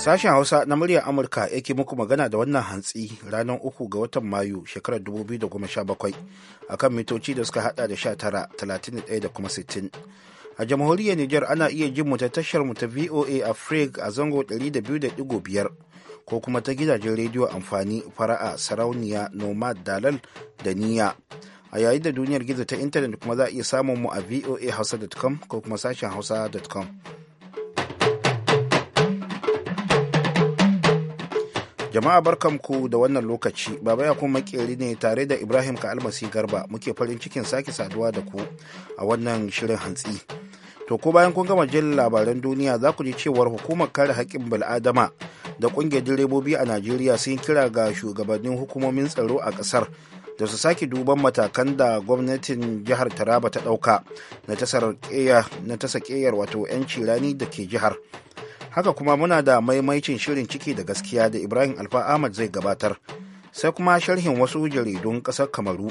Sashen Hausa na muryar Amurka yake muku magana da wannan hantsi ranar uku ga watan Mayu shekarar 2017 a kan mitoci da suka hada da tara talatin da kuma 60. A jamhuriyar Nijar ana iya jin mu ta tashar mu ta VOA a Frig a zango 200.5 ko kuma ta gidajen rediyo amfani fara'a sarauniya nomad dalal da niya. A yayin da duniyar gizo ta intanet kuma za a iya samun mu a voahausa.com ko kuma sashen hausa.com. Jama'a barkanku da wannan lokaci, Baba ya kuma makeri ne tare da Ibrahim ka almasi garba muke farin cikin sake saduwa da ku a wannan shirin hantsi. To ko bayan kun gama jin labaran duniya za ku ji cewar hukumar kare haƙƙin bil'adama da ƙungiyar direbobi a Najeriya sun kira ga shugabannin hukumomin tsaro a ƙasar da su sake duban matakan da gwamnatin jihar Taraba ta ɗauka na na tasa ƙeyar wato 'yanci rani da ke jihar. haka kuma muna da maimaicin shirin ciki da gaskiya da ibrahim alfa ahmad zai gabatar sai kuma sharhin wasu jaridun ƙasar kamaru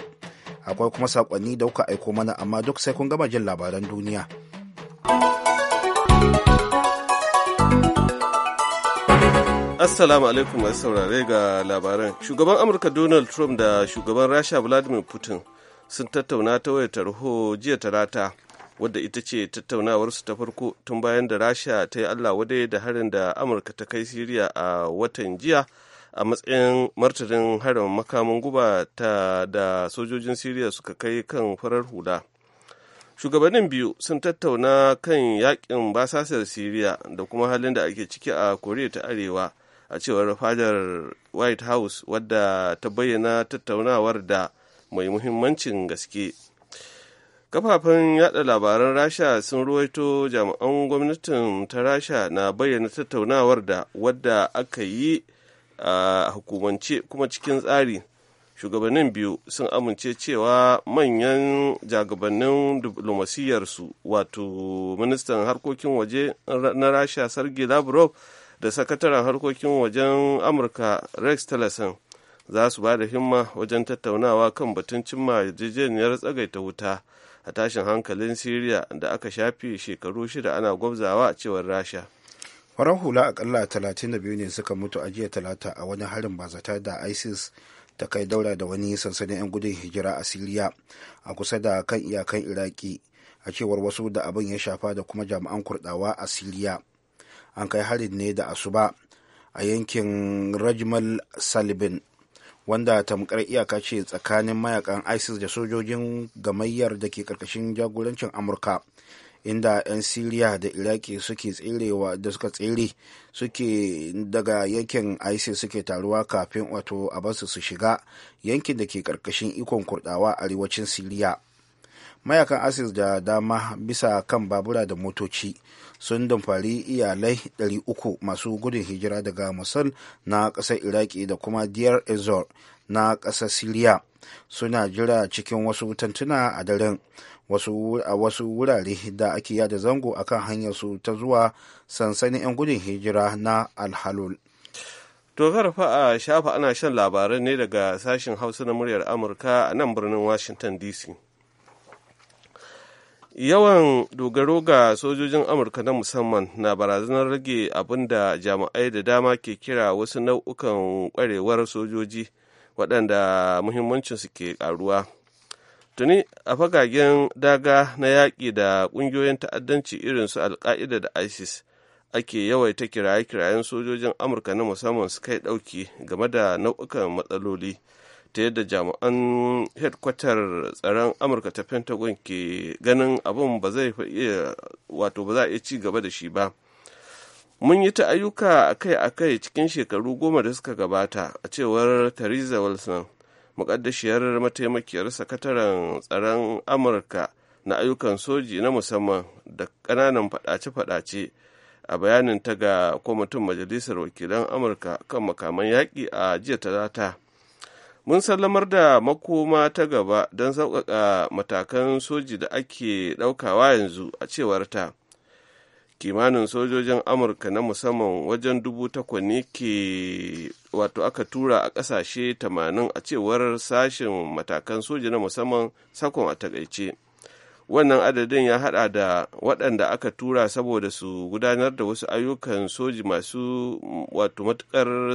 akwai kuma sakonni da kuka aiko mana amma duk sai kun gama jin labaran duniya Assalamu alaikum masu saurare ga labaran. Shugaban Amurka Donald Trump da shugaban Rasha Vladimir Putin sun tattauna ta wayar tarho jiya talata wadda ita ce tattaunawarsu ta farko tun bayan da rasha ta yi allah wadai da harin da amurka ta kai siriya a watan jiya a matsayin martanin harin makamin guba ta da sojojin siriya suka kai kan farar hula shugabannin biyu sun tattauna kan yakin basasar siriya da kuma halin da ake ciki a koriya ta arewa a cewar fadar white house wadda ta bayyana tattaunawar da mai muhimmancin gaske kafafen yada labaran rasha sun ruwaito jami'an gwamnatin ta rasha na bayyana tattaunawar da wadda aka yi a hukumance kuma cikin tsari shugabannin biyu sun amince cewa manyan jagabannin diplomasiyyarsu wato ministan harkokin waje na rasha sergei lavrov da sakataren harkokin wajen amurka rex tillerson za su ba da himma wajen tattaunawa kan batun cimma yarjejeniyar tsagaita wuta a tashin hankalin Siriya da aka shafe shekaru shida ana gwabzawa cewar Rasha. Farar hula akalla 32 ne suka mutu a jiya talata a wani harin bazata da ISIS ta kai daura da wani sansanin 'yan gudun hijira a Siriya a kusa da kan iyakan Iraki a cewar wasu da abin ya shafa da kuma jami'an kurdawa a Siriya. An kai harin ne da asuba a yankin Rajmal Salibin wanda tamkar iyaka ce tsakanin mayakan isis da sojojin gamayyar da ke karkashin jagorancin amurka inda 'yan siriya da iraki suke tserewa da suka tsere suke daga yankin isis suke taruwa kafin wato a basu su shiga yankin da ke karkashin ikon kurdawa arewacin siriya mayakan asis da dama bisa kan babura da motoci sun damfari iyalai 300 masu gudun hijira daga musul na ƙasar iraki da kuma diyar ezor na ƙasar siriya suna jira cikin wasu tantuna a daren a wasu wurare da ake yada zango a kan hanyarsu ta zuwa sansanin 'yan gudun hijira na alhalul To fa a shafa ana shan labaran ne daga sashen Hausa na muryar Amurka a nan birnin Washington DC. yawan dogaro ga sojojin amurka na musamman na barazanar rage abin da jami'ai da dama ke kira wasu nau'ukan kwarewar sojoji waɗanda muhimmancinsu ke ƙaruwa tuni a fagagen daga na yaƙi da ƙungiyoyin ta'addanci irin su alka'ida da isis ake yawaita kiraye-kirayen sojojin amurka na musamman su kai ɗauki game da nau'ukan matsaloli ta yadda jami'an hedkwatar tsaron amurka ta pentagon ke ganin abin ba zai iya wato ba a iya ci gaba da shi ba mun yi ta ayyuka akai-akai cikin shekaru goma da suka gabata a cewar theresa wilson mukaddashiyar mataimakiyar sakataren tsaron amurka na ayyukan soji na musamman da ƙananan fadace-fadace a bayanin ta ga kwamitin majalisar wakilan amurka kan makaman yaƙi a jiya talata mun sallamar da makoma ta gaba don sauƙaƙa matakan soji da ake ɗaukawa yanzu a cewar ta kimanin sojojin amurka na musamman wajen dubu takwas ne ke wato aka tura a ƙasashe 80 a cewar sashen matakan soji na musamman sakon a takaice wannan adadin ya haɗa da waɗanda aka tura saboda su gudanar da wasu ayyukan soji masu wato matuƙar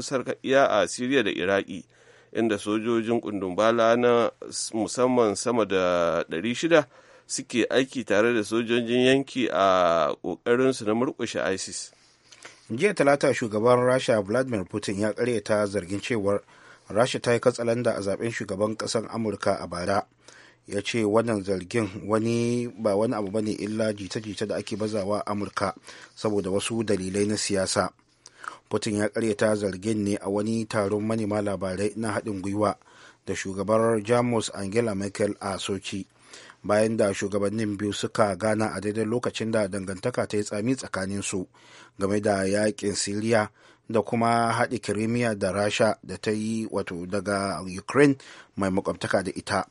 a siriya da iraki inda sojojin kundumbala na musamman sama da 600 suke aiki tare da sojojin yanki a ƙoƙarinsu na murƙushe isis jiya talata shugaban rasha vladimir putin ya karyata zargin cewar rasha ta yi katsalanda a zaben shugaban ƙasar amurka a bara ya ce wannan zargin wani ba wani abu bane illa jita-jita da ake bazawa amurka saboda wasu dalilai na siyasa putin ya karyata zargin ne a wani taron manema labarai na haɗin gwiwa da shugabar jamus angela merkel a sochi bayan da shugabannin biyu suka gana a daidai lokacin da dangantaka ta yi tsami tsakanin su game da yakin siriya da kuma haɗi kirimiya da rasha da ta yi wato daga ukraine mai makwabtaka da ita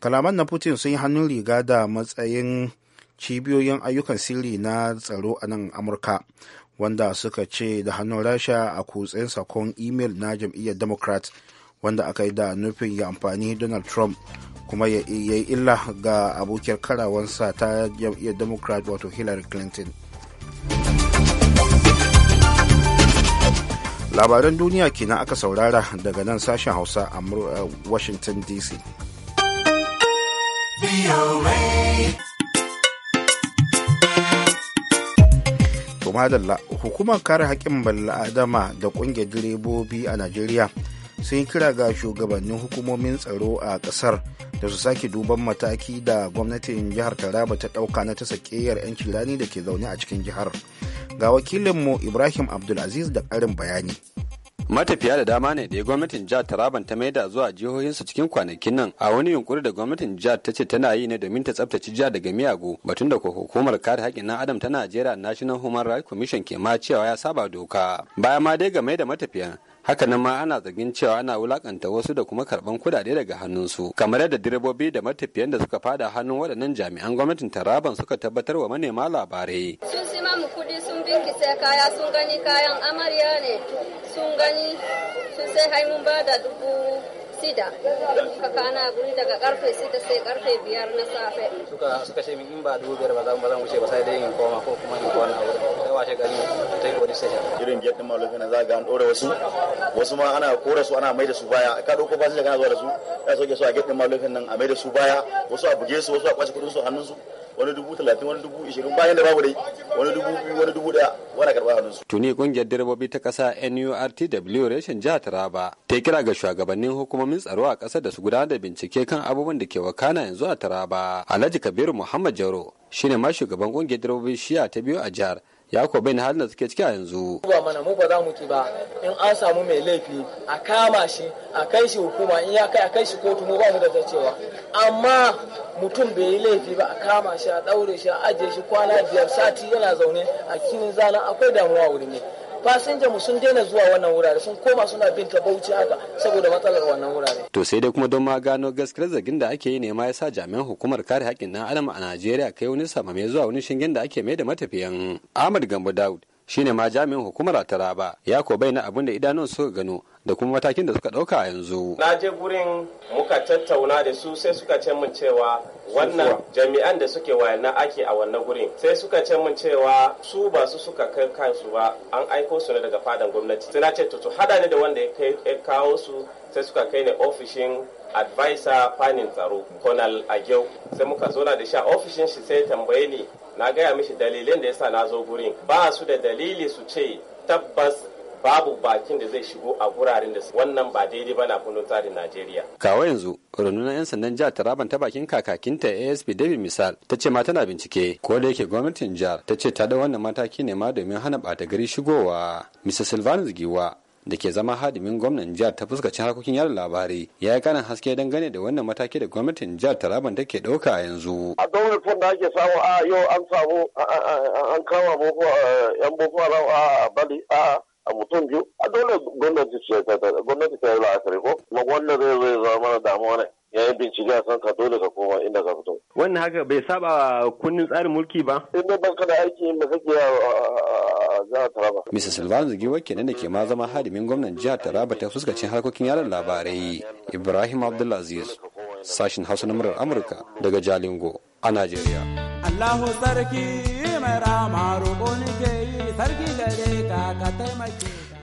kalaman na putin sun yi hannun riga da matsayin cibiyoyin ayyukan sirri na tsaro a nan amurka wanda suka ce da hannun rasha a kutsen sakon imel na jam'iyyar democrat wanda aka yi da nufin ya amfani donald trump kuma ya yi illa ga abokiyar karawansa ta jam'iyyar democrat wato hillary clinton labaran duniya kenan aka saurara daga nan sashen hausa a washington dc To madalla hukumar kare haƙƙin bala'adama da ƙungiyar direbobi a Najeriya sun yi kira ga shugabannin hukumomin tsaro a ƙasar da su sake duban mataki da gwamnatin jihar Taraba ta ɗauka na ta sakeyar 'yan kirani da ke zaune a cikin jihar. Ga wakilinmu Ibrahim Abdulaziz da ƙarin bayani. Matafiya da dama ne da ya gwamnatin jihar Taraban ta maida zuwa jihohinsu cikin kwanakin nan a wani yunkuri da gwamnatin jihar ta ce tana yi ne domin ta tsabtace jihar daga miyagu batun da hukumar kare haƙƙin ɗan adam ta Najeriya National Human Rights Commission ke ma cewa ya saba doka. Bayan ma dai ga Maida matafiyan haka nan ma ana zargin cewa ana wulakanta wasu da kuma karban kudade daga hannunsu kamar yadda direbobi da matafiyan da suka fada hannun waɗannan jami'an gwamnatin taraban suka tabbatar wa manema labarai sun sima mu kudi sun binkise kaya sun gani kayan amarya ne sun gani sun sai haimun ba da dubu shida ka kana guri daga karfe sita sai karfe biyar na safe suka suka ce min in ba dubu biyar ba zan ba zan wuce ba sai dai in koma ko kuma in kwana sai washe gari ta yi police station irin biyar din malofin nan za ga an ɗora wasu wasu ma ana kora su ana mai da su baya ka ɗauko dauko fasinja kana zuwa da su ya soke su a gate din malofin nan a mai da su baya wasu a buge su wasu a kwace kudin su hannun su wani dubu talatin wani dubu ishirin bayan da babu dai wani dubu biyu wani dubu daya wani karɓa hannun su. tuni ƙungiyar direbobi ta ƙasa nurtw reshen jihar taraba ta kira ga shugabannin hukumomin tsaro a ƙasar da su gudanar da bincike kan abubuwan da ke wakana yanzu a taraba alhaji kabiru muhammad jaro shine ma shugaban kungiyar direbobi shiya ta biyu a jihar ya ko bai na halin da suke ciki a yanzu. Ba mana mu ba za mu ki ba in an samu mai laifi a kama shi a kai shi hukuma in ya kai a kai shi kotu mu ba mu da cewa amma mutum bai yi laifi ba a kama shi a daure shi a ajiye shi kwana biyar sati yana zaune a kinin zana akwai damuwa wuri ne. fasinja mu sun daina zuwa wannan wurare sun koma suna bin ta bauchi haka saboda matsalar wannan wurare to sai dai kuma don ma gano gaskiyar zargin da ake yi ne ma yasa jami'an hukumar kare haƙƙin dan adam a Najeriya kai wani samame zuwa wani shingen da ake mai da matafiyan Ahmad Gambo Dawud shine ma jami'in hukumar Taraba ya ko bayyana abin da idanun suka gano da kuma matakin da suka ɗauka yanzu. Na je gurin muka tattauna da su sai suka ce min cewa wannan jami'an da suke na ake a wannan gurin sai suka ce min cewa su ba su suka kai kansu ba an aiko su ne daga fadan gwamnati. Sai na ce to hada ne da wanda ya kawo su sai suka kai ne ofishin advisor fanin tsaro Colonel Agew sai muka zo na da shi a ofishin shi sai tambaye ni na gaya mishi dalilin da yasa na zo gurin ba su da dalili su ce tabbas babu bakin da zai shigo a guraren da wannan ba daidai ba na kundin tsarin Najeriya. Kawo yanzu rundunar 'yan sandan jihar Taraban ta bakin kakakinta ASP David Misal ta ce ma tana bincike ko da yake gwamnatin jihar ta ce ta da wannan mataki ne ma domin hana bata gari shigowa. Mr. Silvanus Giwa da ke zama hadimin gwamnan jihar ta fuskacin harkokin yada labarai ya yi kanan haske dangane da wannan mataki da gwamnatin jihar taraban take ɗauka yanzu. a gwamnatin da ake samu a yau an samu an kama yan boko haram a bali a a mutum biyu a dole gwamnati ta gwamnati ta yi la'akari ko kuma wanda zai zai zama mana damuwa ne yayin bincike a san ka dole ka koma inda ka fito. wannan haka bai saba kunnin tsarin mulki ba. in dai baka da aiki da kake a jihar taraba. mr silvano zagiwa kenan da ke ma zama hadimin gwamnan jihar taraba ta fuskacin harkokin yaran labarai ibrahim abdulaziz sashin hausa na murar amurka daga jalingo a najeriya. allahu sarki mai rama roƙo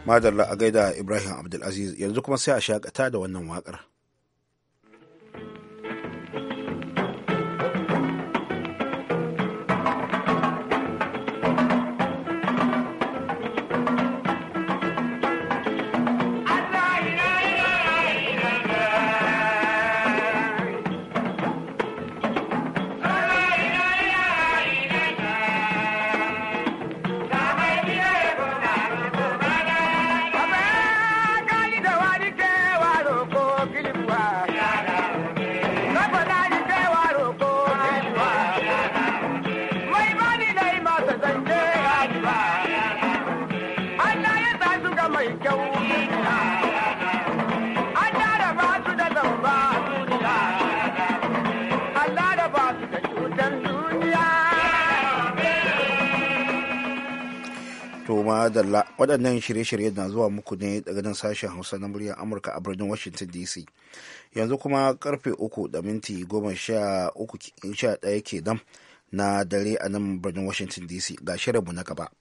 madalla a gaida ibrahim abdulaziz yanzu kuma sai a shakata da wannan waƙar. waɗannan shirye-shirye na zuwa muku ne daga nan sashen hausa na muryar amurka a birnin washington dc yanzu kuma karfe uku da minti goma sha uku ɗaya ke nan na dare a nan birnin washington dc ga shirinmu na gaba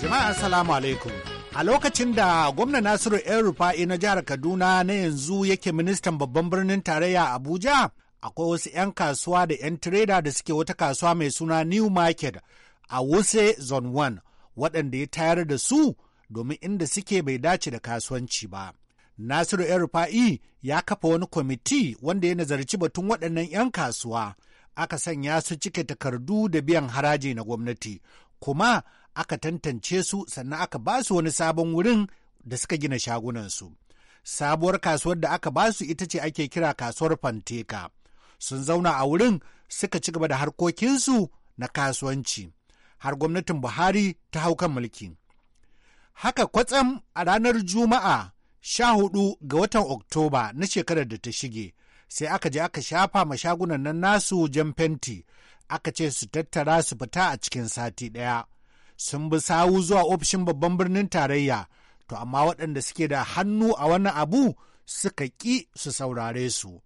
jama'a assalamu alaikum A lokacin da gwamna Nasiru ‘yan rufa'i na jihar Kaduna na yanzu yake ministan babban birnin tarayya Abuja, akwai wasu ‘yan kasuwa da ‘yan tireda da suke wata kasuwa mai suna New Market a Wuse Zone 1, waɗanda ya tayar da su domin inda suke bai dace da kasuwanci ba. Nasiru ‘yan rufa'i ya kafa wani kwamiti wanda ya nazarci batun waɗannan ‘yan kasuwa. Aka sanya su cike takardu da biyan haraji na gwamnati. Kuma aka tantance su sannan aka ba su wani sabon wurin da suka gina shagunansu. Sabuwar kasuwar da aka ba su ita ce ake kira kasuwar Fanteka. Sun zauna a wurin suka ci gaba da harkokinsu na kasuwanci. Har gwamnatin Buhari ta hau kan mulki. Haka kwatsam a ranar Juma'a sha hudu ga watan Oktoba na shekarar da ta shige, sai aka je aka shafa ma shagunan nan nasu jan fenti, aka ce su tattara su fita a cikin sati ɗaya. sun bi sawu zuwa ofishin babban birnin tarayya to amma waɗanda suke da hannu a wani abu suka ƙi su saurare su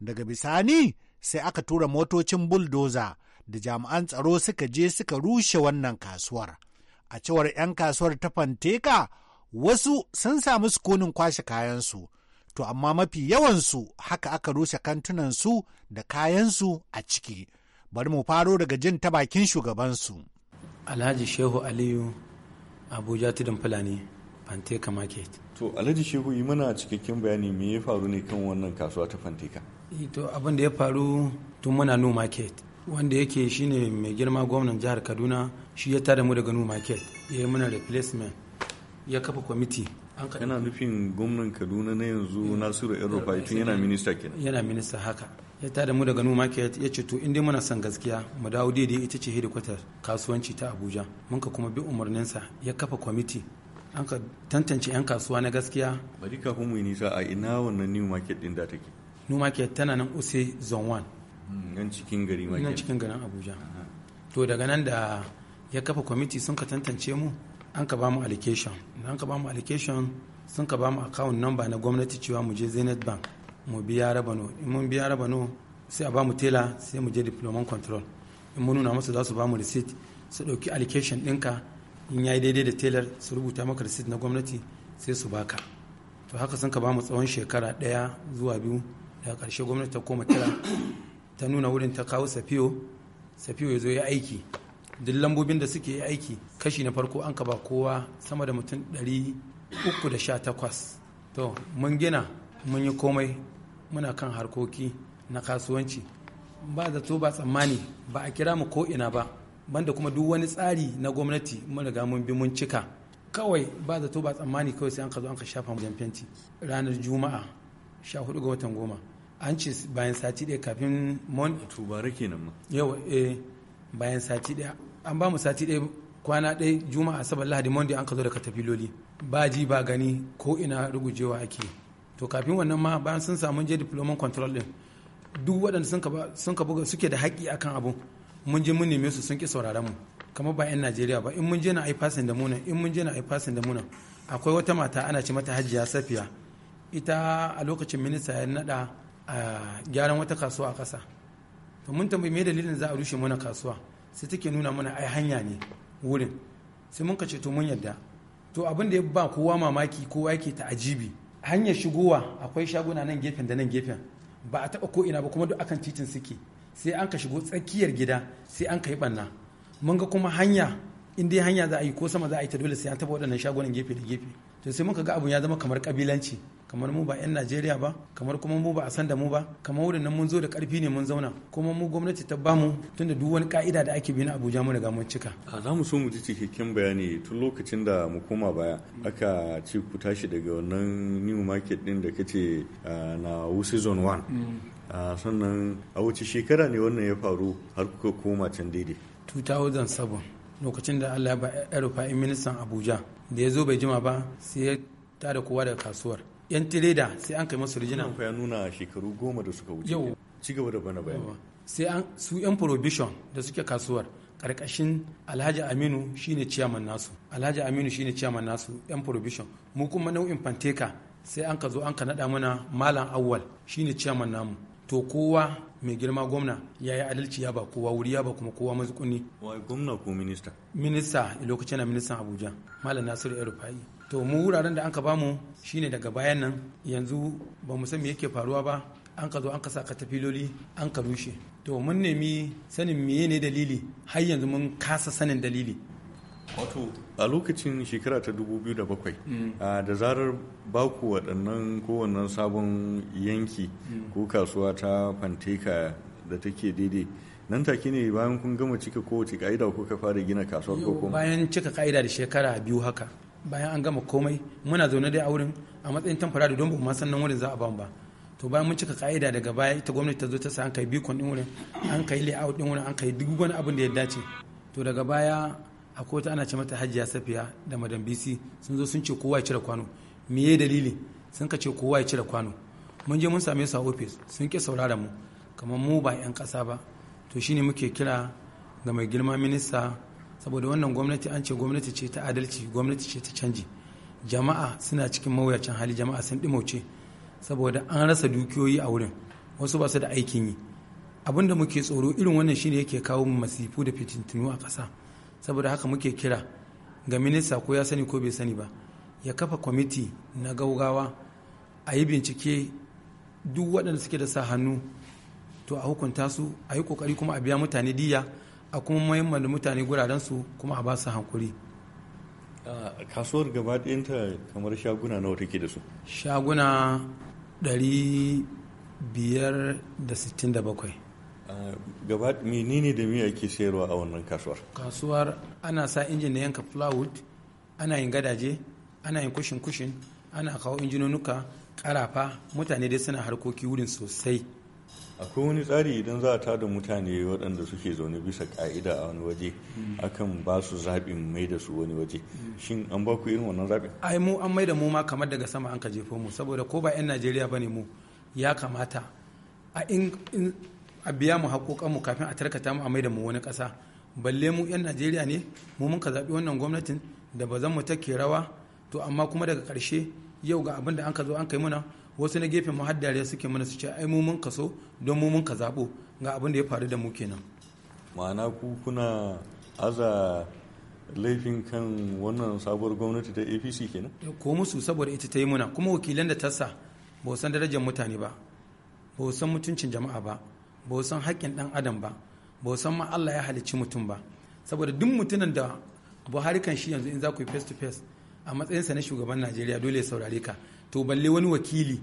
daga bisani sai aka tura motocin buldoza da jami'an tsaro suka je suka rushe wannan kasuwar a cewar 'yan kasuwar ta fanteka wasu sun samu sukunin kwashe kayansu to amma mafi yawansu haka aka rushe kantunansu da kayansu a ciki bari mu faro daga jin ta bakin shugabansu alhaji shehu aliyu abuja tudun fulani fanteka market to alhaji shehu yi mana cikakken bayani me ya faru ne kan wannan kasuwa ta fanteka e, to abin da ya faru tun muna new market wanda yake shine mai girma gwamnan jihar kaduna shi ya tada mu daga new market ya yi mana replacement ya kafa kwamiti yana nufin gwamnan kaduna na yanzu eh, nasiru yan rufai tun yana eh, minista kenan yana minista haka ya tada mu daga numa market ya ce to inda muna son gaskiya mu dawo daidai ita ce hedikwatar kasuwanci ta abuja mun ka kuma bi umarninsa ya kafa kwamiti an ka tantance 'yan kasuwa na gaskiya bari kafin mu yi nisa a ina wannan new market din da take new market tana nan use zone 1 hmm, nan cikin gari market nan cikin garin abuja to daga nan da ya kafa kwamiti sun ka tantance mu an ka ba mu allocation an ka ba mu allocation sun ka ba mu account number na gwamnati cewa mu je zenith bank mu biya rabano in mun biya rabano sai a ba mu tela sai mu je diploman control in mun nuna masa za su ba mu receipt su ɗauki allocation ɗinka in ya yi daidai da telar su rubuta maka receipt na gwamnati sai su baka to haka sun ka ba mu tsawon shekara ɗaya zuwa biyu daga karshe gwamnati ta koma tela ta nuna wurin ta kawo safiyo safiyo ya zo ya aiki duk lambobin da suke aiki kashi na farko an ka ba kowa sama da mutum ɗari uku da 318 to mun gina mun yi komai muna kan harkoki na kasuwanci ba zato ba tsammani ba a kira mu ko'ina ba banda kuma duk wani tsari na gwamnati mun riga mun bi mun cika kawai ba zato ba tsammani kawai sai an ka zo an ka shafa mu fenti ranar juma'a 14 ga watan goma an ce bayan sati ɗaya kafin mon tubare kenan ma yawa eh bayan sati ɗaya an ba mu sati ɗaya kwana ɗaya juma'a asabar lahadi monday an ka zo da tafiloli ba ji ba gani ko ina rugujewa ake to kafin wannan ma bayan sun samu je diploman control din duk waɗanda sun ka buga suke da haƙƙi akan abu mun je mun neme su sun ki sauraron mu kamar ba 'yan najeriya ba in mun je na ai fasin da muna in mun je na ai da muna akwai wata mata ana ce mata hajiya safiya ita a lokacin minista ya nada a gyaran wata kasuwa a ƙasa to mun tambayi me dalilin za a rushe mana kasuwa sai take nuna mana ai hanya ne wurin sai mun ka ce to mun yadda to abin da ya ba kowa mamaki kowa yake ta ajibi hanyar shigowa akwai shaguna nan gefen da nan gefen ba a taba ko'ina ba kuma duk akan titin suke sai an ka shigo tsakiyar gida sai an ka yi banna mun ga kuma hanya in dai hanya za a yi ko sama za a yi ta dole sai an taba waɗannan shagunan gefe da gefe to sai muka ga abun ya zama kamar kabilanci kamar mu ba 'yan najeriya ba kamar kuma mu ba a san da mu ba kamar wurin nan mun zo da karfi ne mun zauna kuma mu gwamnati ta ba bamu tunda duk wani ka'ida da ake bi na abuja mu riga mun cika a za mu so mu ji cikakken bayani tun lokacin da mu koma baya aka ce ku tashi daga wannan new market din da kace na season 1 sannan a wace shekara ne wannan ya faru har kuka koma can daidai 2007 lokacin da allah ya ba aerofa ministan abuja da ya zo bai jima ba sai ya tada kowa daga kasuwar yan tireda sai an kai masu rijina ya nuna shekaru goma da suka wuce yau ci gaba da bana bayani sai an su yan prohibition da suke kasuwar karkashin alhaji aminu shine ciyaman nasu alhaji aminu shine ciyaman nasu yan prohibition mu kuma nau'in fanteka sai an ka zo an ka naɗa mana malam awwal shine ciyaman namu to kowa mai girma gwamna ya yi adalci ya ba kowa wuri ya ba kuma kowa mazukuni wai gwamna ko minista minista lokacin na ministan abuja malam nasiru erufai to mu wuraren da an ka bamu shine daga bayan nan yanzu ba mu san me yake faruwa ba an ka zo an ka sa katafiloli an ka rushe to mun nemi sanin meye ne dalili har yanzu mun kasa sanin dalili wato a lokacin shekara ta 2007 mm. da zarar baku waɗannan kowannan sabon yanki mm. ko kasuwa ta fanteka da take daidai nan take ne bayan kun gama cika kowace ka'ida kuka fara gina kasuwar ko kuma bayan cika ka'ida da shekara biyu haka bayan an gama komai muna zaune dai a wurin a matsayin tamfara da don ba san nan wurin za a ban ba to bayan mun cika ka'ida daga baya ita gwamnati ta zo ta sa an kai bikon din wurin an kai layout din wurin an kai duk wani abin da ya dace to daga baya akwai wata ana ce mata hajiya safiya da madam bc sun zo sun ce kowa ya cire kwano me ya dalili sun ka ce kowa ya cire kwano mun je mun same su a ofis sun ke saurara mu kamar mu ba 'yan ƙasa ba to shine muke kira ga mai girma minista saboda wannan gwamnati an ce gwamnati ce ta adalci gwamnati ce ta canji jama'a suna cikin mawuyacin hali jama'a sun ɗimauce saboda an rasa dukiyoyi a wurin wasu ba su da aikin yi abin da muke tsoro irin wannan shine yake kawo masifu da fitintinu a ƙasa saboda haka muke kira ga minista ko ya sani ko bai sani ba ya kafa kwamiti na gaugawa a yi bincike duk waɗanda suke da sa hannu to a hukunta su a yi kokari kuma a biya mutane diya a kuma mahimman da mutane guraren su kuma a ba su hankuri kasuwar gaba ɗayanta kamar shaguna nawa take da su shaguna 567 Eh, gaba menene da miya ake sayarwa a wannan kasuwar kasuwar ana sa injin na yanka plywood ana yin gadaje ana yin kushin kushin ana kawo injinonuka karafa mutane dai suna harkoki wurin sosai akwai wani tsari idan za a tada mutane waɗanda suke zaune bisa ka'ida a wani waje hmm. akan ba su zaɓin mai da su wani waje hmm. shin an ba ku irin wannan zaɓin ai mu an mai da mu ma kamar daga sama an ka jefo mu saboda ko ba 'yan najeriya ba ne mu ya kamata a a biya mu haƙoƙanmu kafin a tarkata mu a maida mu wani ƙasa balle mu 'yan najeriya ne mu mun ka zaɓi wannan gwamnatin da ba zan mu take rawa to amma kuma daga ƙarshe yau ga abin da an ka zo an kai muna wasu na gefen muhaddare suke mana su ce ai mu mun kaso don mu mun ka zaɓo ga abin da ya faru da mu kenan ma'ana ku kuna aza laifin kan wannan sabuwar gwamnati ta apc kenan eh, ko musu saboda ita ta yi muna kuma wakilan da ta sa ba san darajar mutane ba ba san mutuncin jama'a ba ba san haƙƙin ɗan adam ba ba san ma Allah ya halicci mutum ba saboda duk mutumin da Buhari kan shi yanzu in za ku yi face to face a matsayinsa na shugaban Najeriya dole ya saurare ka to balle wani wakili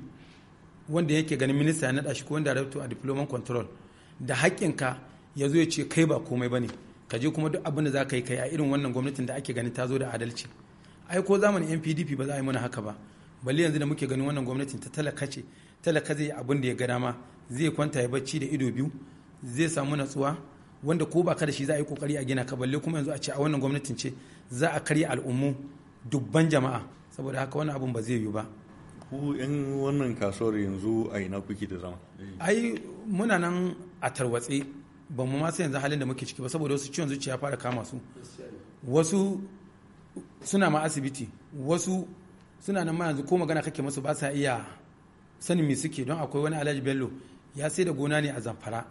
wanda yake ganin minista ya naɗa shi ko wanda a diploma control da haƙƙin ka ya zo ya ce kai ba komai ba ne ka je kuma duk abin da za ka yi kai a irin wannan gwamnatin da ake ganin ta zo da adalci ai ko zamanin NPDP ba za a yi mana haka ba balle yanzu da muke ganin wannan gwamnatin ta talaka ce talaka zai abin da ya ga dama zai kwanta ya bacci da ido biyu zai samu natsuwa wanda ko ba ka da shi za a yi kokari a gina ka balle kuma yanzu a ce a wannan gwamnatin ce za a karya al'ummu dubban jama'a saboda haka wannan abun ba zai yiwu ba ku yan wannan kasuwar yanzu a ina kuke da zama ai muna nan a tarwatse ba mu ma sai yanzu halin da muke ciki ba saboda wasu ciwon zuciya fara kama su wasu suna ma asibiti wasu suna nan ma yanzu ko magana kake musu ba sa iya sanin me suke don akwai wani alhaji bello ya sai da gona ne a zamfara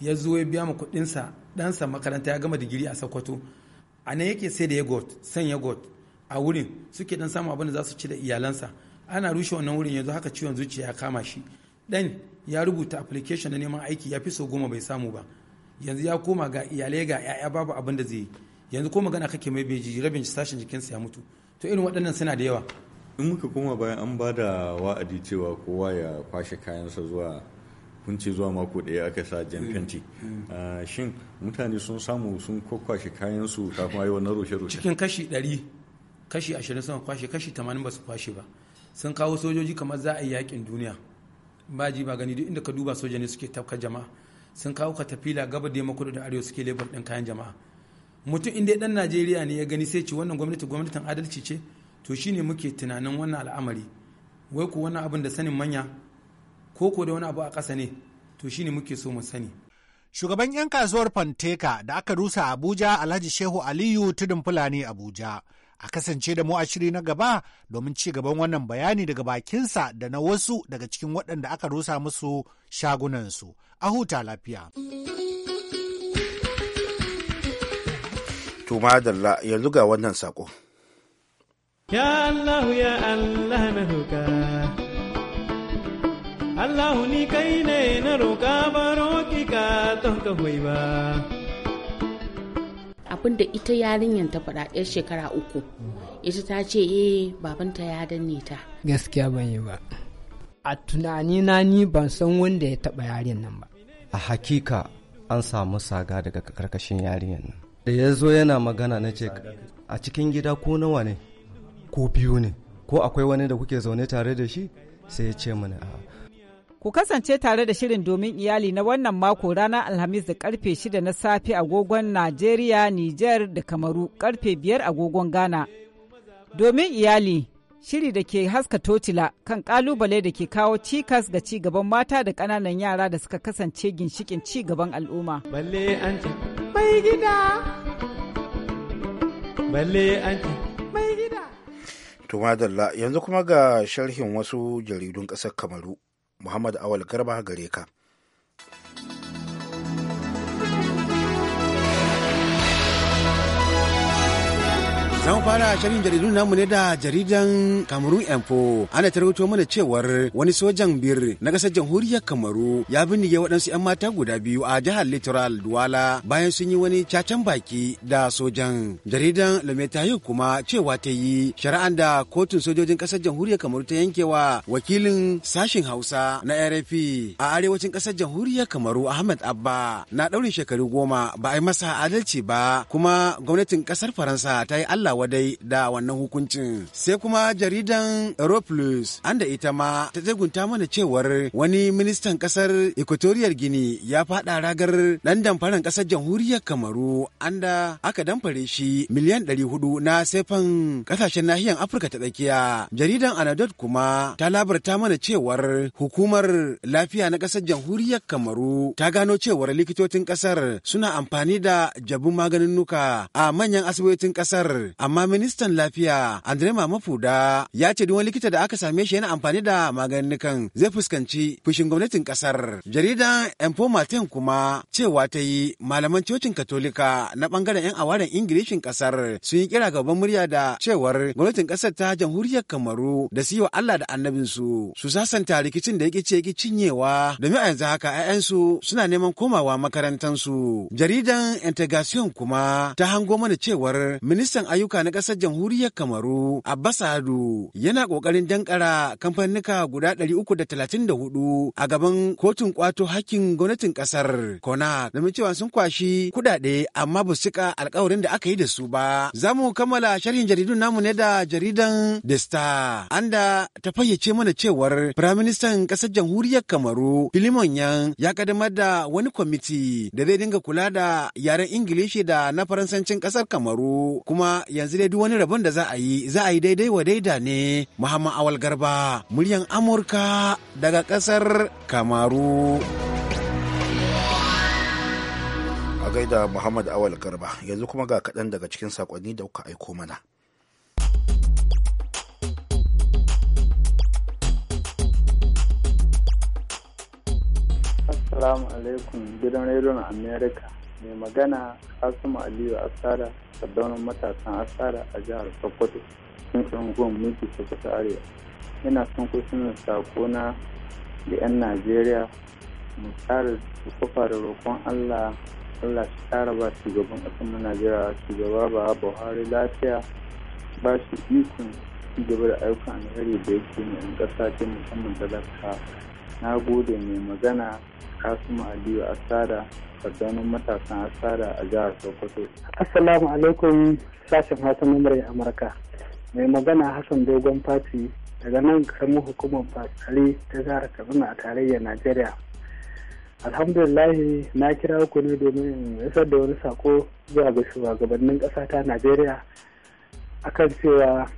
ya zo ya biya ma sa ɗansa makaranta ya gama digiri a sokoto a nan yake sai da yagot san yagot a wurin suke dan samu abin da za su ci da iyalansa ana rushe wannan wurin yanzu haka ciwon zuciya ya kama shi dan ya rubuta application na neman aiki ya fi so goma bai samu ba yanzu ya koma ga iyalai ga yaya babu abin da zai yanzu ko magana kake mai beji rabin sashen jikinsa ya mutu to irin waɗannan suna da yawa in muka koma bayan an ba da wa'adi cewa kowa ya kwashe kayansa zuwa kun ce zuwa mako ɗaya aka sa jan mm. fenti mm. Ah, shin mutane sun samu sun kwakwashe kayan su kafin ayi wannan roshe roshe cikin kashi ɗari kashi ashirin sun kwashe kashi tamanin ba su kwashe ba sun kawo sojoji kamar za a yi yakin duniya ba ji ba gani duk inda ka duba soja ne suke tafka jama'a sun kawo tafila gaba da yamma kudu da arewa suke lebar ɗin kayan jama'a mutum inda ɗan najeriya ne ya gani sai ce wannan gwamnati gwamnatin adalci ce to shine muke tunanin wannan al'amari wai ku wannan abin da sanin manya ko ko da wani abu a ƙasa ne to shi ne muke so mu sani shugaban 'yan kasuwar fanteka da aka rusa abuja alhaji shehu aliyu tudun fulani abuja a kasance da mu a shiri na gaba domin ci gaban wannan bayani daga bakinsa da na wasu daga cikin waɗanda aka rusa musu shagunansu a huta lafiya tuma dalla yanzu ga wannan sako ya allah ya allah na Allah ni kai ne na roƙa baro ki ka don ka ba. Abin da ita yarinyar ta faɗa ɗaya shekara uku, ita ta ce eh babanta ya danne ta. Gaskiya ban yi ba. A tunani na ni ban san wanda ya taɓa yarin nan ba. A hakika an samu saga daga karkashin yarinyar nan. Da ya zo yana magana na ce a cikin gida ko nawa ne ko biyu ne ko akwai wani da kuke zaune tare da shi sai ya ce mana Ku kasance tare da shirin domin iyali na wannan mako ranar Alhamis da karfe 6 na safe agogon Najeriya, Nijar da Kamaru karfe 5 agogon Ghana. Domin iyali shiri da ke haska totila kan kalubale da ke kawo cikas ga ci gaban mata da ƙananan yara da suka kasance ginshikin ci gaban al'umma. Balle an ce, Tumadalla yanzu kuma ga sharhin wasu jaridun ƙasar Kamaru. Muhammad Awal Garba gare ka. Zan fara shirin jaridu namu ne da jaridan Cameroon Info. Ana tarauto mana cewar wani sojan bir na kasar jamhuriyar Kamaru ya bindige waɗansu 'yan mata guda biyu a jihar Littoral Duwala bayan sun yi wani cacan baki da sojan. Jaridan Lametayi kuma cewa ta yi shari'an da kotun sojojin kasar jamhuriyar Kamaru ta yankewa wakilin sashen Hausa na RFI a arewacin kasar jamhuriyar Kamaru Ahmed Abba na ɗaurin shekaru goma ba a yi masa adalci ba kuma gwamnatin ƙasar Faransa ta yi Allah Allah wadai da wannan hukuncin. Sai kuma jaridan Europlus anda ita ma ta zagunta mana cewar wani ministan kasar Equatorial Guinea ya faɗa ragar ɗan damfaran kasar jamhuriyar Kamaru an da aka damfare shi miliyan ɗari hudu na sefan kasashen nahiyar Afirka ta tsakiya. Jaridan Anadot kuma ta labarta mana cewar hukumar lafiya na kasar jamhuriyar Kamaru ta gano cewar likitocin kasar suna amfani da jabun maganin nuka a manyan asibitocin kasar amma ministan lafiya andre mamafuda ya ce duk wani likita da aka same shi yana amfani da maganin zai fuskanci fushin gwamnatin kasar jaridan empo martin kuma cewa ta yi malaman cocin katolika na bangaren yan awaren ingilishin kasar sun yi kira gaban murya da cewar gwamnatin kasar ta jamhuriyar kamaru da su yi wa allah da annabin su su sasanta rikicin da yake ce cinyewa domin a yanzu haka 'ya'yansu suna neman komawa makarantansu jaridan integration kuma ta hango mana cewar ministan ayyuka ayyuka na ƙasar jamhuriyar Kamaru Abbasadu yana ƙoƙarin dankara kamfanika guda 334 a gaban kotun kwato hakkin gwamnatin ƙasar Kona domin cewa sun kwashi kuɗaɗe amma ba su cika alkawarin da aka yi da su ba. Za mu kammala sharhin jaridun namu ne da jaridan The Star anda ta fayyace mana cewar Firaministan ƙasar jamhuriyar Kamaru Filimon Yan ya kaddamar da wani kwamiti da zai dinga kula da yaren Ingilishi da na Faransancin ƙasar Kamaru kuma ya yanzu dai duk wani rabon da za a yi za a yi daidai wa daida ne Muhammad Awal Garba muryan Amurka daga kasar Kamaru. A gaida Muhammad Awal Garba yanzu kuma ga kaɗan daga cikin saƙonni da kuka aiko mana. Assalamu alaikum gidan rediyon Amerika. mai magana kasimu aliyu asara daunin matasan asara a jihar sokoto sun tsangon mulki sokoto arewa yana son kusurin sako na da 'yan najeriya mu tsara kufa da roƙon allah allah shi tsara ba gaban ƙasar mu najeriya shugaba ba buhari lafiya ba shi ikon gaba da ayyukan alheri da yake mai ƙasa ce musamman talaka na gode mai magana kasimu aliyu asara tsakanin matasan asara a jihar Sokoto. Assalamu alaikum sashen Hausa na ya Amurka. Mai magana Hassan Dogon Fati daga nan karamar hukumar fasari ta jihar Katsina a tarayyar Najeriya. Alhamdulillahi na kira ku ne domin in isar da wani sako zuwa ga shugabannin ƙasa ta Najeriya akan cewa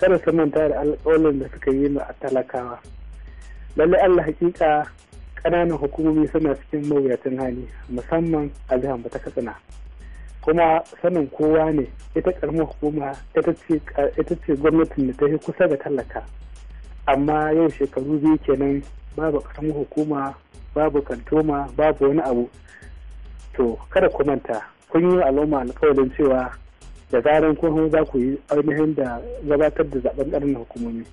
kada su manta da alƙawarin da suka yi a talakawa. Lallai Allah hakika ƙananan hukumomi suna cikin mawuyacin hali musamman a jihar ta katsina kuma sanin kowa ne ita hukuma ita ce gwamnatin da ta yi kusa da talaka amma yau shekaru biyu kenan babu karamar hukuma babu kantoma babu wani abu to kada ku manta kun yi al'umma alƙawarin cewa da zaran kun za ku yi ainihin da gabatar da zaben ƙarnin hukumomi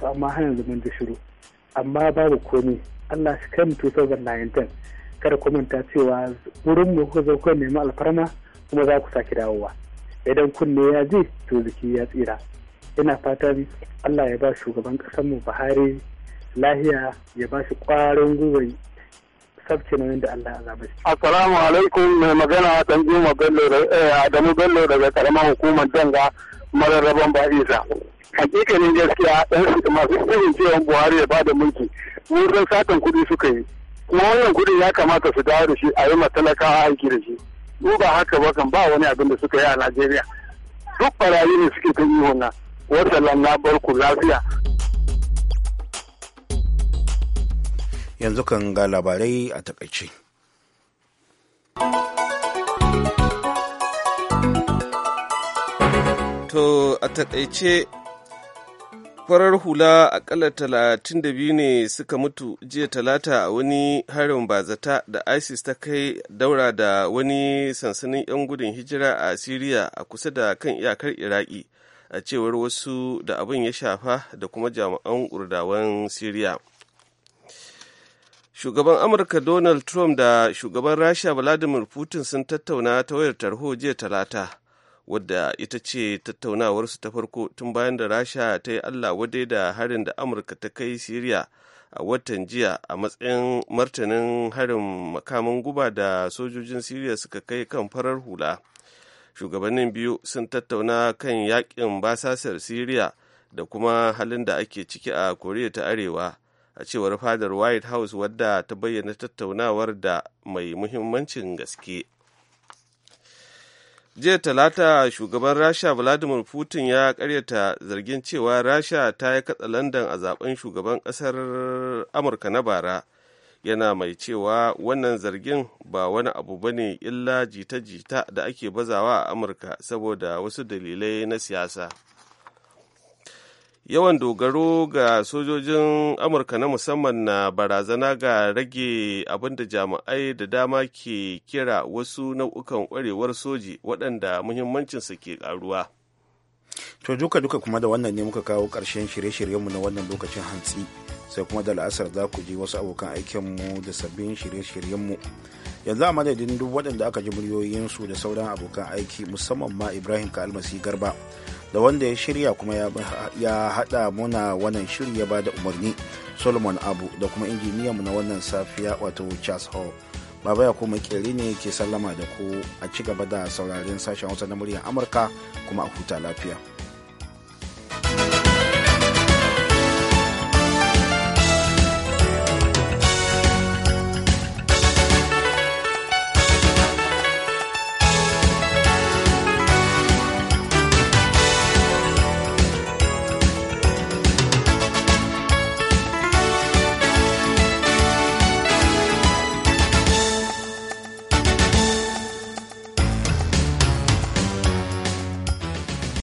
to amma har yanzu mun shiru amma babu komi Allah shi kai 2019 kada ku manta cewa wurin mu kuka zo kuka nemi alfarma kuma za ku sake dawowa idan kunne ya je to jiki ya tsira ina fatan Allah ya ba shugaban kasar mu Buhari lahiya ya ba shi kwarin gwiwa sabce nan da Allah azaba shi. Assalamu alaikum mai magana dan Juma Bello eh, Adamu Bello daga karamar hukumar Danga mararraban Ba'isa. hakikanin gaskiya ɗan masu irin cewa buhari ya bada mulki mun san satan kuɗi suka yi kuma wannan kuɗin ya kamata su dawo da shi a yi matalakawa aiki da shi mu ba haka ba kan ba wani abin da suka yi a najeriya duk barayi ne suke ta ihun nan wasallan na barku lafiya yanzu kan ga labarai a takaice to a taƙaice farar hula akalla talatin da biyu ne suka mutu jiya talata a wani harin bazata da isis ta kai daura da wani sansanin 'yan gudun hijira a siriya a kusa da kan iyakar iraki a cewar wasu da abin ya shafa da kuma jami'an urdawan siriya shugaban amurka donald trump da shugaban rasha vladimir putin sun tattauna ta wayar tarho jiya talata wadda ita ce tattaunawarsu ta farko tun bayan da rasha ta yi allah wadai da harin da amurka ta kai siriya a watan jiya a matsayin martanin harin makamin guba da sojojin siriya suka kai kan farar hula shugabannin biyu sun tattauna kan yakin basasar siriya da kuma halin da ake ciki a koriya ta arewa a cewar fadar white house wadda ta bayyana tattaunawar da mai muhimmancin gaske jiya talata shugaban rasha vladimir putin ya karyata zargin cewa rasha ta yi katsa landan a zaben shugaban kasar amurka na bara yana mai cewa wannan zargin ba wani abu ba ne illa jita-jita da ake bazawa a amurka saboda wasu dalilai na siyasa yawan dogaro ga sojojin amurka na musamman na barazana ga rage abin da jami'ai da dama ke kira wasu nau'ukan kwarewar soji waɗanda muhimmancinsu ke ƙaruwa to duka duka kuma da wannan ne muka kawo ƙarshen shirye-shiryenmu na wannan lokacin hantsi sai kuma da la'asar za ku ji wasu abokan aikinmu da sabbin shirye-shiryenmu yanzu a madadin duk waɗanda aka ji muryoyinsu da sauran abokan aiki musamman ma ibrahim ka almasi garba da wanda ya shirya kuma ya haɗa muna wannan shiri ya bada umarni solomon abu da kuma injiniyanmu na wannan safiya wato charles hall baba ya kuma kere ne ke sallama da ku a ci gaba da sauraren sashen hausa na muryar amurka kuma a huta lafiya.